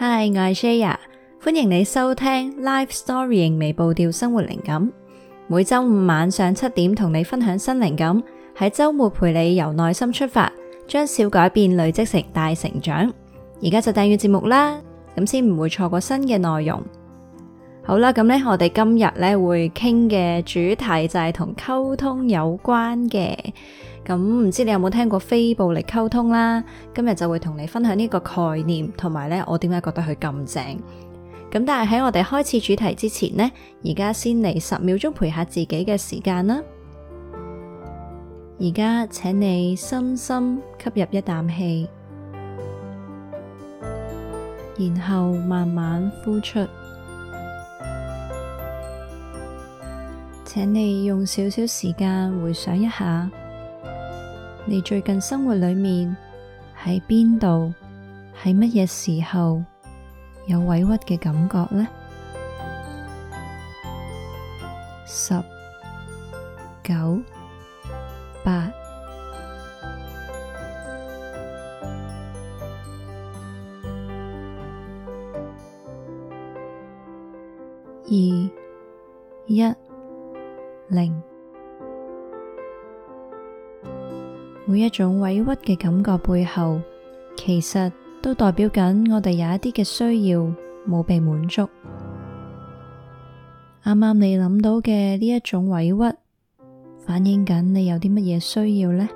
Hi，我係 Shaya，歡迎你收聽 Life Storying 微步調生活靈感，每周五晚上七點同你分享新靈感，喺周末陪你由內心出發，將小改變累積成大成長。而家就訂閱節目啦，咁先唔會錯過新嘅內容。好啦，咁呢，我哋今日呢會傾嘅主題就係同溝通有關嘅。咁唔知你有冇聽過非暴力溝通啦？今日就會同你分享呢個概念，同埋呢，我點解覺得佢咁正？咁但係喺我哋開始主題之前呢，而家先嚟十秒鐘陪下自己嘅時間啦。而家請你深深吸入一啖氣，然後慢慢呼出。請你用少少時間回想一下，你最近生活裏面喺邊度，喺乜嘢時候有委屈嘅感覺呢？十九八二一。零，每一種委屈嘅感覺背後，其實都代表緊我哋有一啲嘅需要冇被滿足。啱啱你諗到嘅呢一種委屈，反映緊你有啲乜嘢需要呢？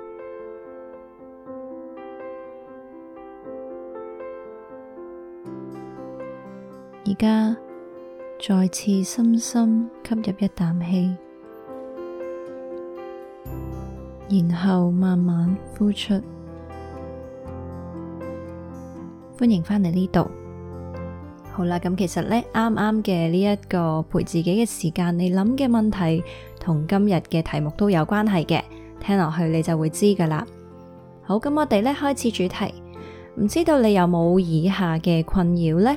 而家再次深深吸入一啖氣。然後慢慢呼出，歡迎返嚟呢度。好啦，咁其實呢，啱啱嘅呢一個陪自己嘅時間，你諗嘅問題同今日嘅題目都有關係嘅，聽落去你就會知㗎啦。好，咁我哋呢，開始主題。唔知道你有冇以下嘅困擾呢？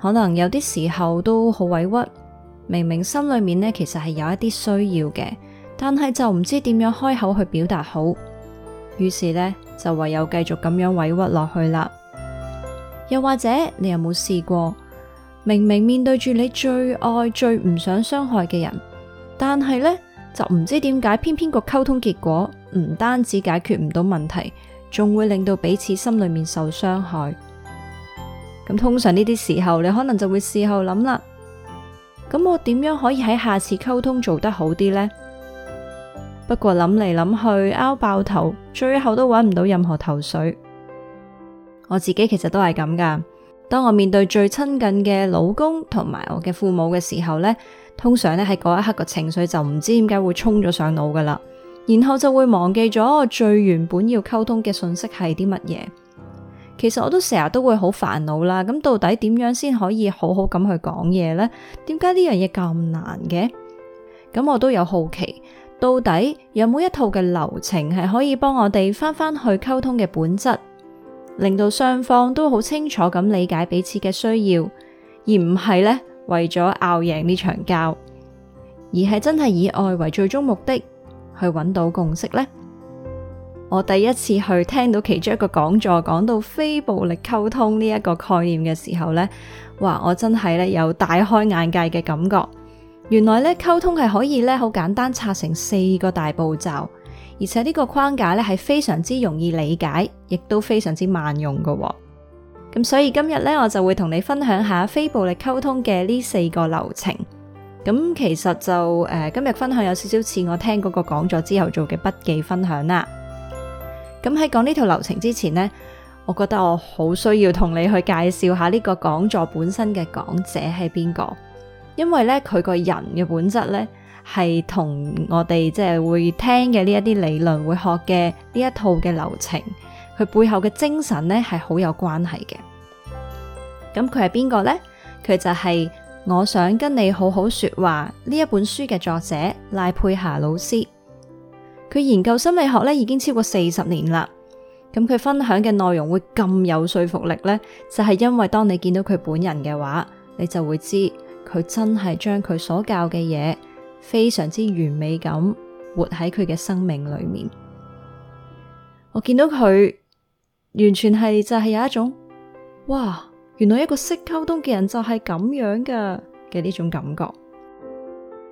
可能有啲時候都好委屈，明明心裏面呢，其實係有一啲需要嘅。但係就唔知點樣開口去表達好，於是呢，就唯有繼續咁樣委屈落去啦。又或者你有冇試過，明明面對住你最愛、最唔想傷害嘅人，但係呢，就唔知點解，偏偏個溝通結果唔單止解決唔到問題，仲會令到彼此心裏面受傷害。咁通常呢啲時候，你可能就會事後諗啦。「咁我點樣可以喺下次溝通做得好啲呢？」不過諗嚟諗去，拗爆頭，最後都揾唔到任何頭緒。我自己其實都係咁噶。當我面對最親近嘅老公同埋我嘅父母嘅時候呢，通常咧喺嗰一刻個情緒就唔知點解會衝咗上腦噶啦，然後就會忘記咗我最原本要溝通嘅信息係啲乜嘢。其實我都成日都會好煩惱啦。咁到底點樣先可以好好咁去講嘢呢？點解呢樣嘢咁難嘅？咁我都有好奇。到底有冇一套嘅流程係可以幫我哋翻翻去溝通嘅本質，令到雙方都好清楚咁理解彼此嘅需要，而唔係咧為咗拗贏呢場交，而係真係以愛為最終目的去揾到共識咧？我第一次去聽到其中一個講座講到非暴力溝通呢一個概念嘅時候咧，哇！我真係咧有大開眼界嘅感覺。原來咧溝通係可以咧好簡單拆成四個大步驟，而且呢個框架咧係非常之容易理解，亦都非常之萬用㗎。咁所以今日咧我就會同你分享下非暴力溝通嘅呢四個流程。咁其實就誒、呃、今日分享有少少似我聽嗰個講座之後做嘅筆記分享啦。咁喺講呢套流程之前呢，我覺得我好需要同你去介紹下呢個講座本身嘅講者係邊個。因為咧，佢個人嘅本質咧，係同我哋即係會聽嘅呢一啲理論，會學嘅呢一套嘅流程，佢背後嘅精神咧係好有關係嘅。咁佢係邊個咧？佢就係我想跟你好好說話呢一本書嘅作者賴佩霞老師。佢研究心理學咧已經超過四十年啦。咁佢分享嘅內容會咁有說服力咧，就係因為當你見到佢本人嘅話，你就會知。佢真係將佢所教嘅嘢，非常之完美咁活喺佢嘅生命裏面。我見到佢完全係就係有一種，哇！原來一個識溝通嘅人就係咁樣噶，嘅呢種感覺。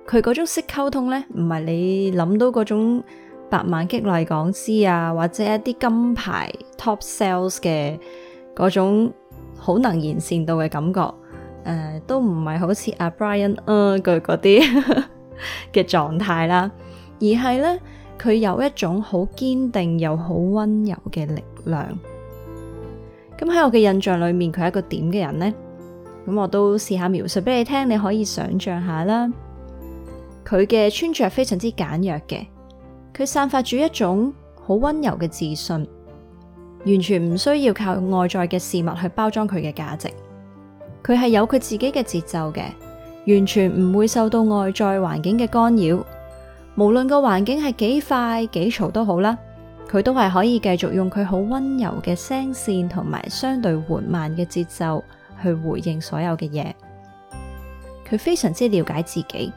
佢嗰種識溝通咧，唔係你諗到嗰種百萬激勵講師啊，或者一啲金牌 top sales 嘅嗰種好能言善道嘅感覺。誒、呃，都唔係好似阿 Brian 啊，佢嗰啲嘅狀態啦，而係咧，佢有一種好堅定又好温柔嘅力量。咁喺我嘅印象裏面，佢係一個點嘅人呢？咁我都試下描述俾你聽，你可以想象下啦。佢嘅穿着非常之簡約嘅，佢散發住一種好温柔嘅自信，完全唔需要靠外在嘅事物去包裝佢嘅價值。佢係有佢自己嘅節奏嘅，完全唔會受到外在環境嘅干擾。無論個環境係幾快幾嘈都好啦，佢都係可以繼續用佢好温柔嘅聲線同埋相對緩慢嘅節奏去回應所有嘅嘢。佢非常之了解自己，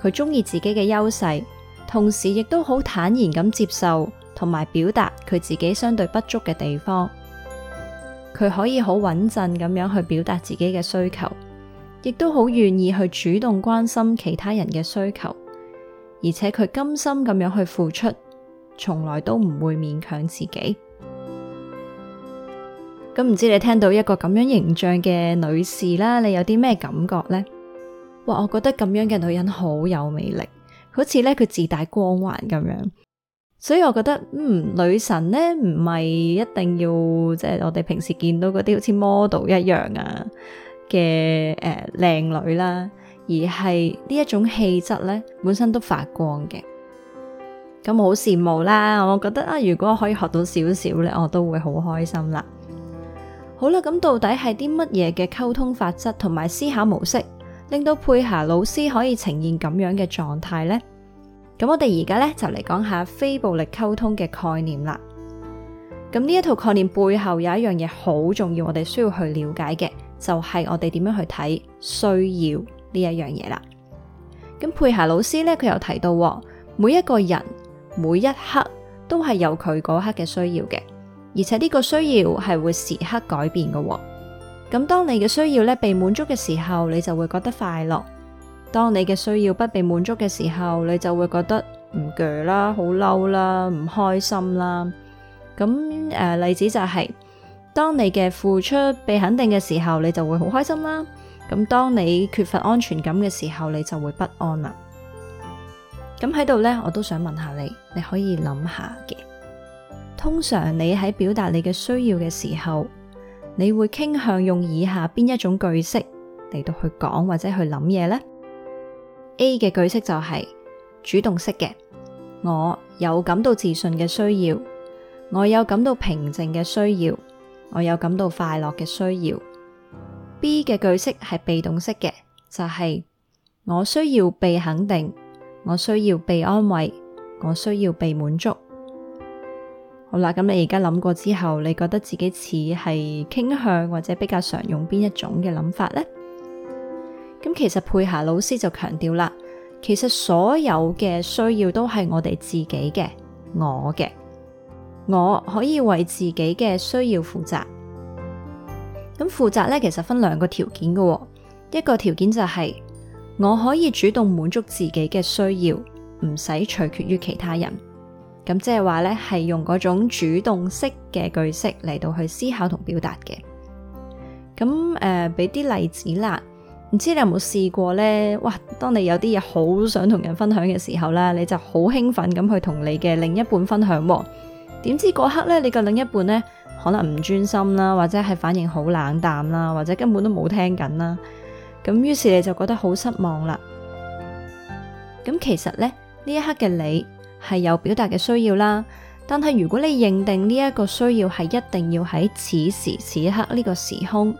佢中意自己嘅優勢，同時亦都好坦然咁接受同埋表達佢自己相對不足嘅地方。佢可以好穩陣咁樣去表達自己嘅需求，亦都好願意去主動關心其他人嘅需求，而且佢甘心咁樣去付出，從來都唔會勉強自己。咁唔知你聽到一個咁樣形象嘅女士啦，你有啲咩感覺呢？哇，我覺得咁樣嘅女人好有魅力，好似咧佢自帶光環咁樣。所以我覺得，嗯，女神咧唔係一定要即係、就是、我哋平時見到嗰啲好似 model 一樣啊嘅誒靚女啦，而係呢一種氣質咧本身都發光嘅。咁好羨慕啦，我覺得啊，如果可以學到少少咧，我都會好開心啦。好啦，咁到底係啲乜嘢嘅溝通法則同埋思考模式，令到佩霞老師可以呈現咁樣嘅狀態咧？咁我哋而家咧就嚟講下非暴力溝通嘅概念啦。咁呢一套概念背後有一樣嘢好重要，我哋需要去了解嘅就係、是、我哋點樣去睇需要呢一樣嘢啦。咁佩霞老師咧，佢又提到、哦，每一個人每一刻都係有佢嗰刻嘅需要嘅，而且呢個需要係會時刻改變㗎、哦。咁當你嘅需要咧被滿足嘅時候，你就會覺得快樂。當你嘅需要不被滿足嘅時候，你就會覺得唔鋸啦，好嬲啦，唔開心啦。咁誒例子就係當你嘅付出被肯定嘅時候，你就會好開心啦。咁當你缺乏安全感嘅時候，你就會不安啦。咁喺度呢，我都想問下你，你可以諗下嘅。通常你喺表達你嘅需要嘅時候，你會傾向用以下邊一種句式嚟到去講或者去諗嘢呢？A 嘅句式就係、是、主動式嘅，我有感到自信嘅需要，我有感到平靜嘅需要，我有感到快樂嘅需要。B 嘅句式係被動式嘅，就係、是、我需要被肯定，我需要被安慰，我需要被滿足。好啦，咁你而家諗過之後，你覺得自己似係傾向或者比較常用邊一種嘅諗法咧？咁其實佩霞老師就強調啦，其實所有嘅需要都係我哋自己嘅，我嘅，我可以為自己嘅需要負責。咁負責咧，其實分兩個條件嘅、哦，一個條件就係、是、我可以主動滿足自己嘅需要，唔使取決於其他人。咁即係話咧，係用嗰種主動式嘅句式嚟到去思考同表達嘅。咁誒，俾、呃、啲例子啦。唔知你有冇試過呢？哇！當你有啲嘢好想同人分享嘅時候啦，你就好興奮咁去同你嘅另一半分享喎。點知嗰刻咧，你嘅另一半呢，可能唔專心啦，或者係反應好冷淡啦，或者根本都冇聽緊啦。咁於是你就覺得好失望啦。咁其實呢，呢一刻嘅你係有表達嘅需要啦。但係如果你認定呢一個需要係一定要喺此時此刻呢個時空。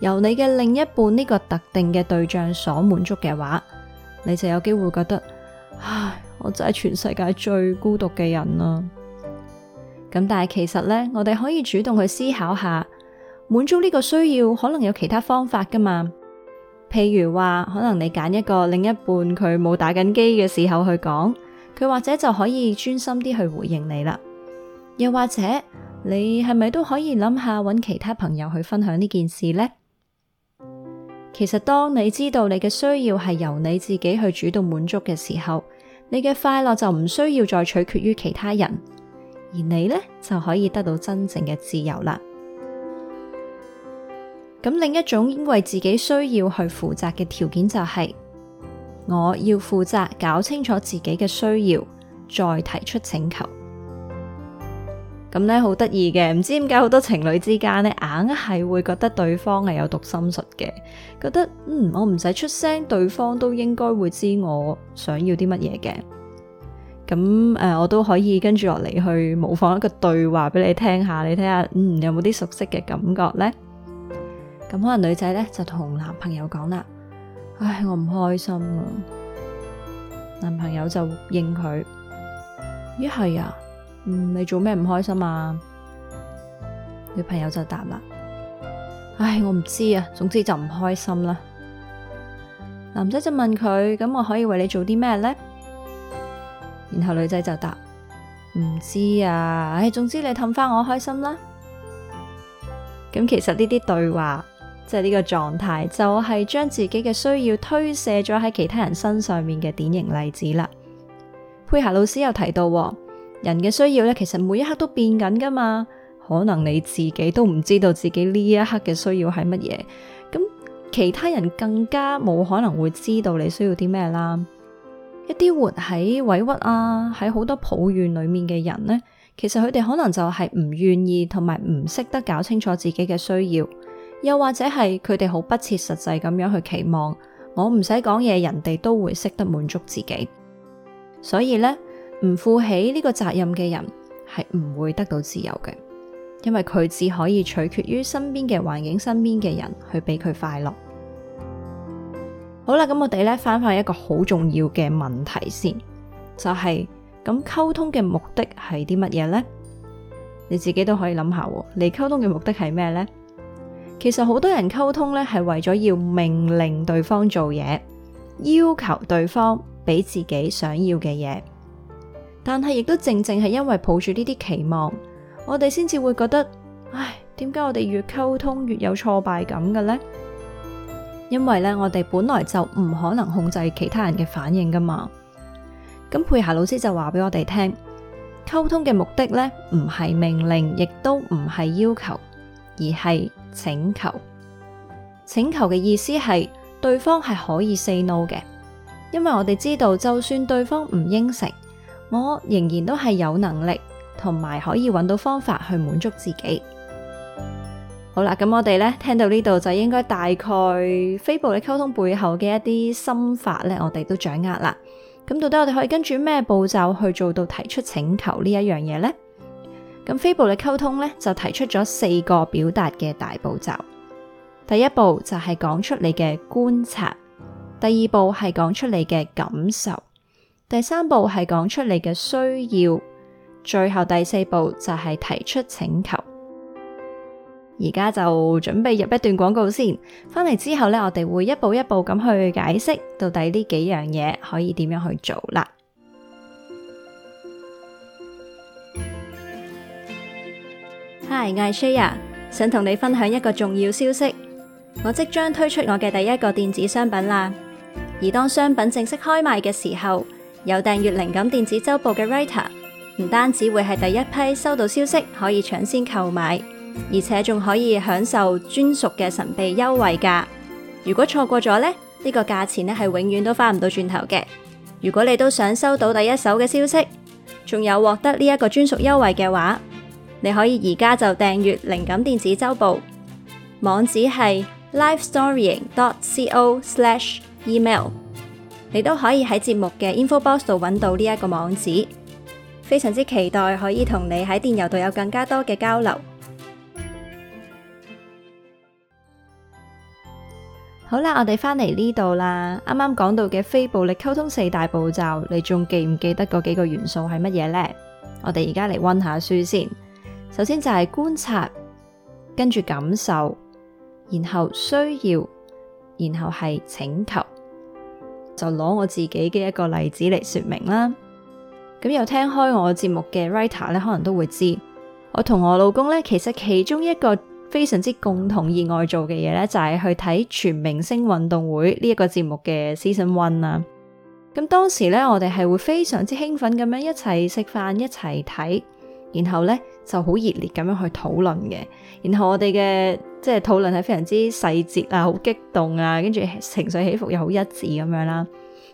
由你嘅另一半呢個特定嘅對象所滿足嘅話，你就有機會覺得唉，我真係全世界最孤獨嘅人啦。咁但係其實呢，我哋可以主動去思考下，滿足呢個需要可能有其他方法㗎嘛。譬如話，可能你揀一個另一半佢冇打緊機嘅時候去講，佢或者就可以專心啲去回應你啦。又或者你係咪都可以諗下揾其他朋友去分享呢件事呢？其實當你知道你嘅需要係由你自己去主動滿足嘅時候，你嘅快樂就唔需要再取決於其他人，而你呢，就可以得到真正嘅自由啦。咁另一種因為自己需要去負責嘅條件就係我要負責搞清楚自己嘅需要，再提出請求。咁咧好得意嘅，唔知點解好多情侶之間咧，硬係會覺得對方係有讀心術嘅，覺得嗯，我唔使出聲，對方都應該會知我想要啲乜嘢嘅。咁誒、呃，我都可以跟住落嚟去模仿一個對話俾你聽下，你睇下嗯，有冇啲熟悉嘅感覺咧？咁可能女仔咧就同男朋友講啦唉我唔開心啊，男朋友就應佢，咦係啊？嗯，你做咩唔開心啊？女朋友就答啦，唉，我唔知啊，總之就唔開心啦。男仔就問佢，咁我可以為你做啲咩呢？」然後女仔就答：唔知啊，唉，總之你氹翻我開心啦。咁其實呢啲對話，即係呢個狀態，就係、是、將自己嘅需要推卸咗喺其他人身上面嘅典型例子啦。佩霞老師又提到，人嘅需要咧，其實每一刻都變緊噶㗎嘛，可能你自己都唔知道自己呢一刻嘅需要係乜嘢，咁其他人更加冇可能會知道你需要啲咩啦。一啲活喺委屈啊，喺好多抱怨裏面嘅人呢，其實佢哋可能就係唔願意同埋唔識得搞清楚自己嘅需要，又或者係佢哋好不切實際咁樣去期望，我唔使講嘢，人哋都會識得滿足自己。所以咧。唔負起呢個責任嘅人係唔會得到自由嘅，因為佢只可以取決於身邊嘅環境、身邊嘅人去俾佢快樂。好啦，咁我哋咧翻返一個好重要嘅問題先，就係咁溝通嘅目的係啲乜嘢呢？你自己都可以諗下，你溝通嘅目的係咩呢？其實好多人溝通咧係為咗要命令對方做嘢，要求對方俾自己想要嘅嘢。但係，亦都正正係因為抱住呢啲期望，我哋先至會覺得，唉，點解我哋越溝通越有挫敗感嘅呢？因為咧，我哋本來就唔可能控制其他人嘅反應噶嘛。咁，佩霞老師就話俾我哋聽，溝通嘅目的咧，唔係命令，亦都唔係要求，而係請求。請求嘅意思係對方係可以 say no 嘅，因為我哋知道，就算對方唔應承。我仍然都係有能力，同埋可以揾到方法去滿足自己。好啦，咁我哋咧聽到呢度就應該大概非暴力溝通背後嘅一啲心法咧，我哋都掌握啦。咁到底我哋可以跟住咩步驟去做到提出請求呢一樣嘢呢？咁非暴力溝通咧就提出咗四個表達嘅大步驟。第一步就係講出你嘅觀察，第二步係講出你嘅感受。第三步係講出你嘅需要，最後第四步就係提出請求。而家就準備入一段廣告先，翻嚟之後咧，我哋會一步一步咁去解釋到底呢幾樣嘢可以點樣去做啦。Hi，我係 Shaya，想同你分享一個重要消息，我即將推出我嘅第一個電子商品啦。而當商品正式開賣嘅時候，有訂閱靈感電子週報嘅 writer，唔單止會係第一批收到消息，可以搶先購買，而且仲可以享受專屬嘅神秘優惠價。如果錯過咗呢，呢個價錢咧係永遠都翻唔到轉頭嘅。如果你都想收到第一手嘅消息，仲有獲得呢一個專屬優惠嘅話，你可以而家就訂閱靈感電子週報，網址係 lifestorying.co/email。你都可以喺節目嘅 infobox 度揾到呢一個網址，非常之期待可以同你喺電郵度有更加多嘅交流。好啦，我哋返嚟呢度啦，啱啱講到嘅非暴力溝通四大步驟，你仲記唔記得嗰幾個元素係乜嘢呢？我哋而家嚟溫下書先。首先就係觀察，跟住感受，然後需要，然後係請求。就攞我自己嘅一個例子嚟說明啦。咁又聽開我節目嘅 writer 咧，可能都會知我同我老公咧，其實其中一個非常之共同意外做嘅嘢咧，就係去睇全明星運動會呢一個節目嘅 season one 啊。咁當時咧，我哋係會非常之興奮咁樣一齊食飯，一齊睇，然後咧就好熱烈咁樣去討論嘅。然後我哋嘅即係討論係非常之細節啊，好激動啊，跟住情緒起伏又好一致咁樣啦。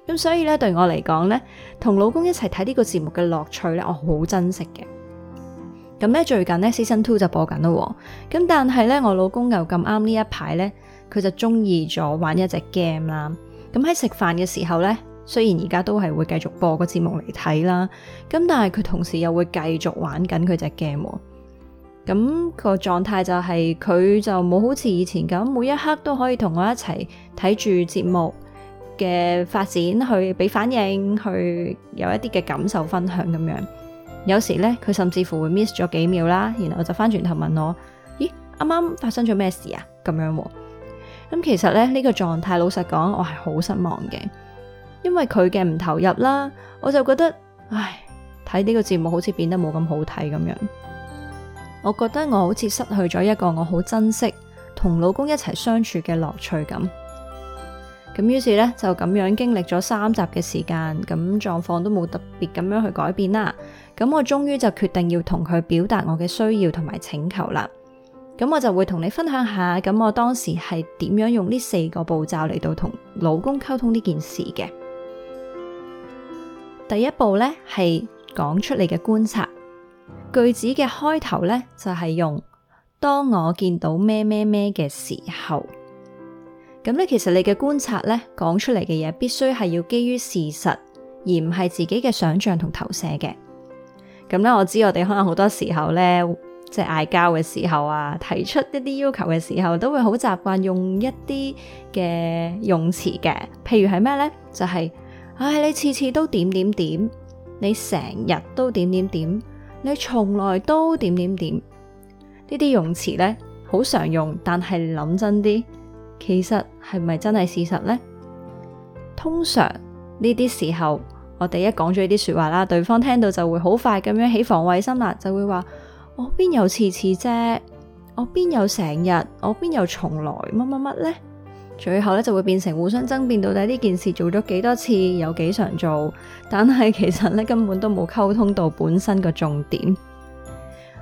咁所以咧，對我嚟講咧，同老公一齊睇呢個節目嘅樂趣咧，我好珍惜嘅。咁咧最近咧《Season Two》就播緊啦喎。咁但係咧，我老公又咁啱呢一排咧，佢就中意咗玩一隻 game 啦。咁喺食飯嘅時候咧，雖然而家都係會繼續播個節目嚟睇啦。咁但係佢同時又會繼續玩緊佢隻 game。咁個狀態就係，佢就冇好似以前咁，每一刻都可以同我一齊睇住節目嘅發展去俾反應，去有一啲嘅感受分享咁樣。有時咧，佢甚至乎會 miss 咗幾秒啦，然後就翻轉頭問我：咦，啱啱發生咗咩事啊？咁樣。咁其實咧，呢個狀態，老實講，我係好失望嘅，因為佢嘅唔投入啦，我就覺得，唉，睇呢個節目好似變得冇咁好睇咁樣。我覺得我好似失去咗一個我好珍惜同老公一齊相處嘅樂趣咁，咁於是呢，就咁樣經歷咗三集嘅時間，咁狀況都冇特別咁樣去改變啦。咁我終於就決定要同佢表達我嘅需要同埋請求啦。咁我就會同你分享下，咁我當時係點樣用呢四個步驟嚟，到同老公溝通呢件事嘅。第一步呢，係講出你嘅觀察。句子嘅開頭呢，就係用當我見到咩咩咩嘅時候，咁咧其實你嘅觀察呢，講出嚟嘅嘢必須係要基於事實，而唔係自己嘅想象同投射嘅。咁咧，我知我哋可能好多時候呢，即係嗌交嘅時候啊，提出一啲要求嘅時候，都會好習慣用一啲嘅用詞嘅，譬如係咩呢？就係唉，你次次都點點點，你成日都點點點。你從來都點點點。呢啲用詞呢，好常用，但係諗真啲，其實係咪真係事實呢？通常呢啲時候，我哋一講咗呢啲說話啦，對方聽到就會好快咁樣起防衛心啦，就會話：「我邊有次次啫？我邊有成日？我邊有從來？乜乜乜呢？」最後咧就會變成互相爭辯，到底呢件事做咗幾多次，有幾常做？但係其實咧根本都冇溝通到本身個重點。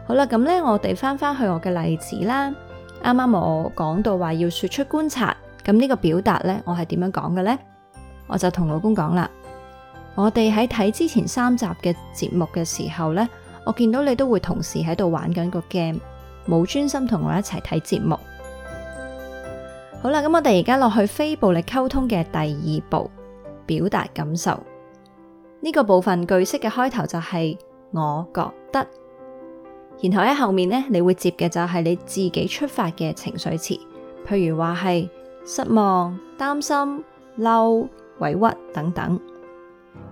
好啦，咁咧我哋翻翻去我嘅例子啦。啱啱我講到話要說出觀察，咁呢個表達咧我係點樣講嘅呢？我就同老公講啦，我哋喺睇之前三集嘅節目嘅時候咧，我見到你都會同時喺度玩緊個 game，冇專心同我一齊睇節目。好啦，咁我哋而家落去非暴力溝通嘅第二步，表達感受。呢個部分句式嘅開頭就係我覺得，然後喺後面呢，你會接嘅就係你自己出發嘅情緒詞，譬如話係失望、擔心、嬲、委屈等等。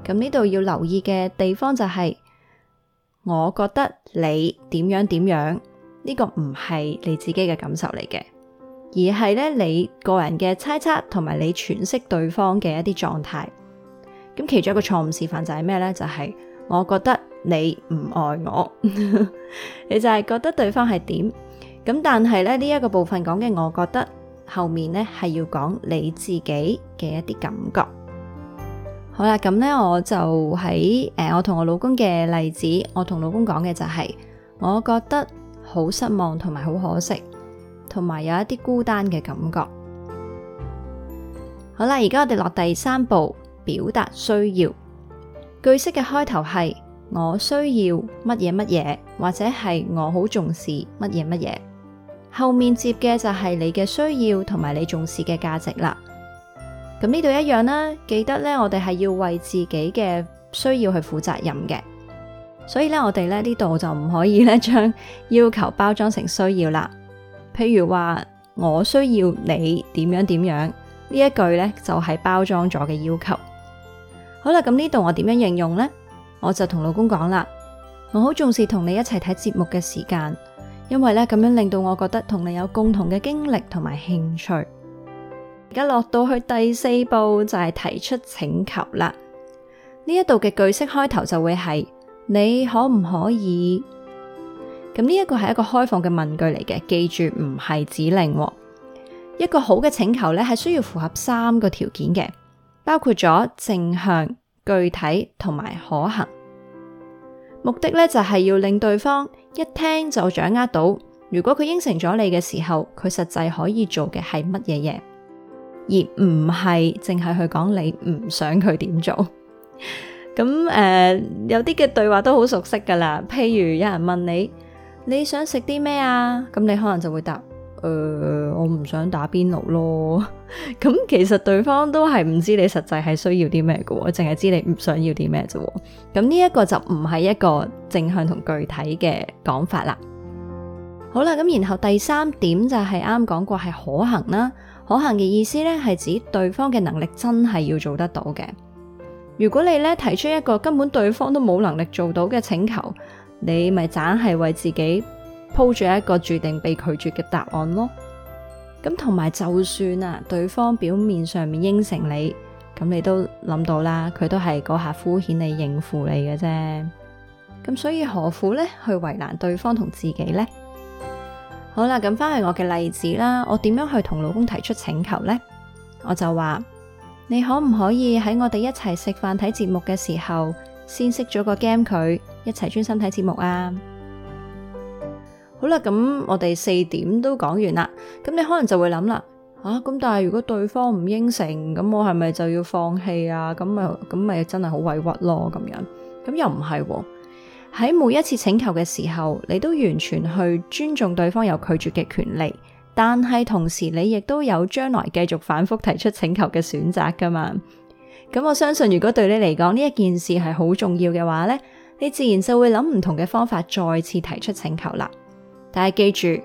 咁呢度要留意嘅地方就係，我覺得你點樣點樣，呢個唔係你自己嘅感受嚟嘅。而係咧，你個人嘅猜測同埋你詮釋對方嘅一啲狀態，咁其中一個錯誤示範就係咩咧？就係、係、我覺得你唔愛我， 你就係覺得對方係點咁。但係咧呢一、呢個部分講嘅，我覺得後面咧係要講你自己嘅一啲感覺。好啦，咁咧我就喺誒、呃，我同我老公嘅例子，我同老公講嘅就係、係、我覺得好失望同埋好可惜。同埋有一啲孤單嘅感覺。好啦，而家我哋落第三步，表達需要。句式嘅開頭係我需要乜嘢乜嘢，或者係我好重視乜嘢乜嘢。後面接嘅就係你嘅需要同埋你重視嘅價值啦。咁呢度一樣啦，記得咧，我哋係要為自己嘅需要去負責任嘅。所以咧，我哋咧呢度就唔可以咧將要求包裝成需要啦。譬如話我需要你點樣點樣呢一句呢，就係包裝咗嘅要求。好啦，咁呢度我點樣應用呢？我就同老公講啦，我好重視同你一齊睇節目嘅時間，因為咧咁樣令到我覺得同你有共同嘅經歷同埋興趣。而家落到去第四步就係提出請求啦。呢一度嘅句式開頭就會係你可唔可以？咁呢一個係一個開放嘅問句嚟嘅，記住唔係指令哦。一個好嘅請求咧，係需要符合三個條件嘅，包括咗正向、具體同埋可行。目的咧就係要令對方一聽就掌握到，如果佢應承咗你嘅時候，佢實際可以做嘅係乜嘢嘢，而唔係淨係去講你唔想佢點做。咁 誒，uh, 有啲嘅對話都好熟悉噶啦，譬如有人問你。你想食啲咩啊？咁你可能就會答，誒、呃，我唔想打邊爐咯。咁 其實對方都係唔知你實際係需要啲咩嘅，我淨係知你唔想要啲咩啫。咁呢一個就唔係一個正向同具體嘅講法啦。好啦，咁然後第三點就係啱講過係可行啦。可行嘅意思咧係指對方嘅能力真係要做得到嘅。如果你咧提出一個根本對方都冇能力做到嘅請求。你咪盞係為自己鋪住一個注定被拒絕嘅答案咯。咁同埋就算啊，對方表面上面應承你，咁你都諗到啦，佢都係嗰下敷衍你應付你嘅啫。咁所以何苦呢？去為難對方同自己呢？好啦，咁翻去我嘅例子啦，我點樣去同老公提出請求呢？我就話你可唔可以喺我哋一齊食飯睇節目嘅時候，先識咗個 game 佢？一齊專心睇節目啊！好啦，咁我哋四點都講完啦。咁你可能就會諗啦，吓？咁，但係如果對方唔應承，咁我係咪就要放棄啊？咁咪咁咪真係好委屈咯，咁樣咁又唔係喎。喺每一次請求嘅時候，你都完全去尊重對方有拒絕嘅權利，但係同時你亦都有將來繼續反覆提出請求嘅選擇噶嘛。咁我相信，如果對你嚟講呢一件事係好重要嘅話咧。你自然就會諗唔同嘅方法再次提出請求啦。但係記住，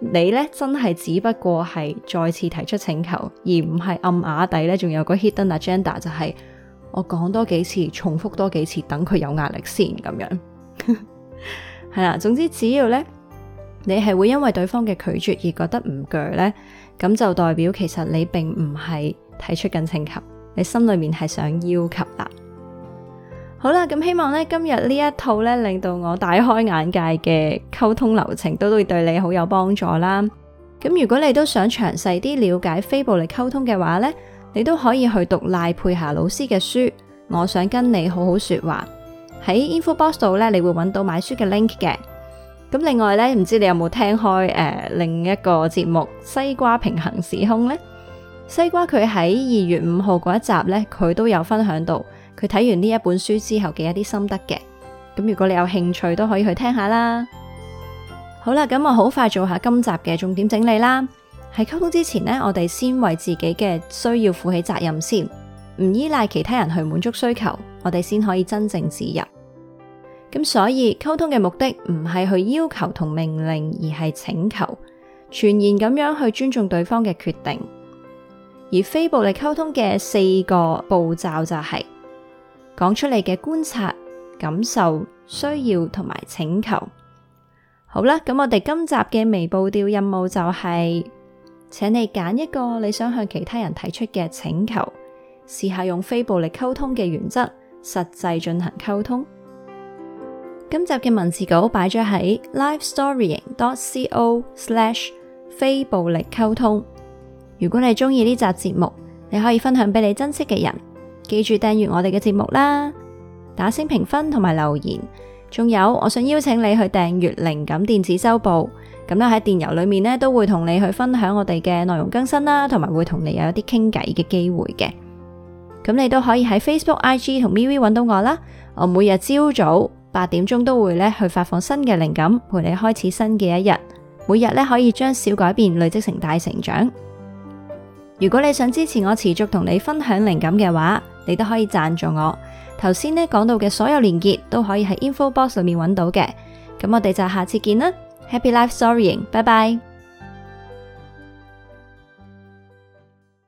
你咧真係只不過係再次提出請求，而唔係暗啞底咧，仲有個 hidden agenda 就係我講多幾次，重複多幾次，等佢有壓力先咁樣。係 啦，總之只要咧，你係會因為對方嘅拒絕而覺得唔攰咧，咁就代表其實你並唔係提出緊請求，你心裏面係想要求啦。好啦，咁希望咧今日呢一套咧令到我大開眼界嘅溝通流程，都會對你好有幫助啦。咁如果你都想詳細啲了解非暴力溝通嘅話咧，你都可以去讀賴佩霞老師嘅書。我想跟你好好說話喺 InfoBox 度咧，你會揾到買書嘅 link 嘅。咁另外咧，唔知你有冇聽開誒、呃、另一個節目《西瓜平衡時空》呢？西瓜佢喺二月五號嗰一集咧，佢都有分享到。佢睇完呢一本書之後嘅一啲心得嘅。咁如果你有興趣都可以去聽下啦。好啦，咁我好快做下今集嘅重點整理啦。喺溝通之前呢，我哋先為自己嘅需要負起責任先，唔依賴其他人去滿足需求，我哋先可以真正自由。咁所以溝通嘅目的唔係去要求同命令，而係請求，全然咁樣去尊重對方嘅決定。而非暴力溝通嘅四個步驟就係、是講出嚟嘅觀察、感受、需要同埋請求。好啦，咁我哋今集嘅微步調任務就係、是，請你揀一個你想向其他人提出嘅請求，試下用非暴力溝通嘅原則實際進行溝通。今集嘅文字稿擺咗喺 lifestorying.co/slash 非暴力溝通。如果你中意呢集節目，你可以分享俾你珍惜嘅人。記住訂閱我哋嘅節目啦，打聲評分同埋留言，仲有我想邀請你去訂閱靈感電子週報，咁咧喺電郵裏面呢，都會同你去分享我哋嘅內容更新啦，同埋會同你有一啲傾偈嘅機會嘅。咁你都可以喺 Facebook、IG 同 MeWe 揾到我啦。我每日朝早八點鐘都會咧去發放新嘅靈感，陪你開始新嘅一日。每日咧可以將小改變累積成大成長。如果你想支持我持續同你分享靈感嘅話，你都可以贊助我，頭先呢講到嘅所有連結都可以喺 info box 裏面揾到嘅，咁我哋就下次見啦，Happy life storying，拜拜。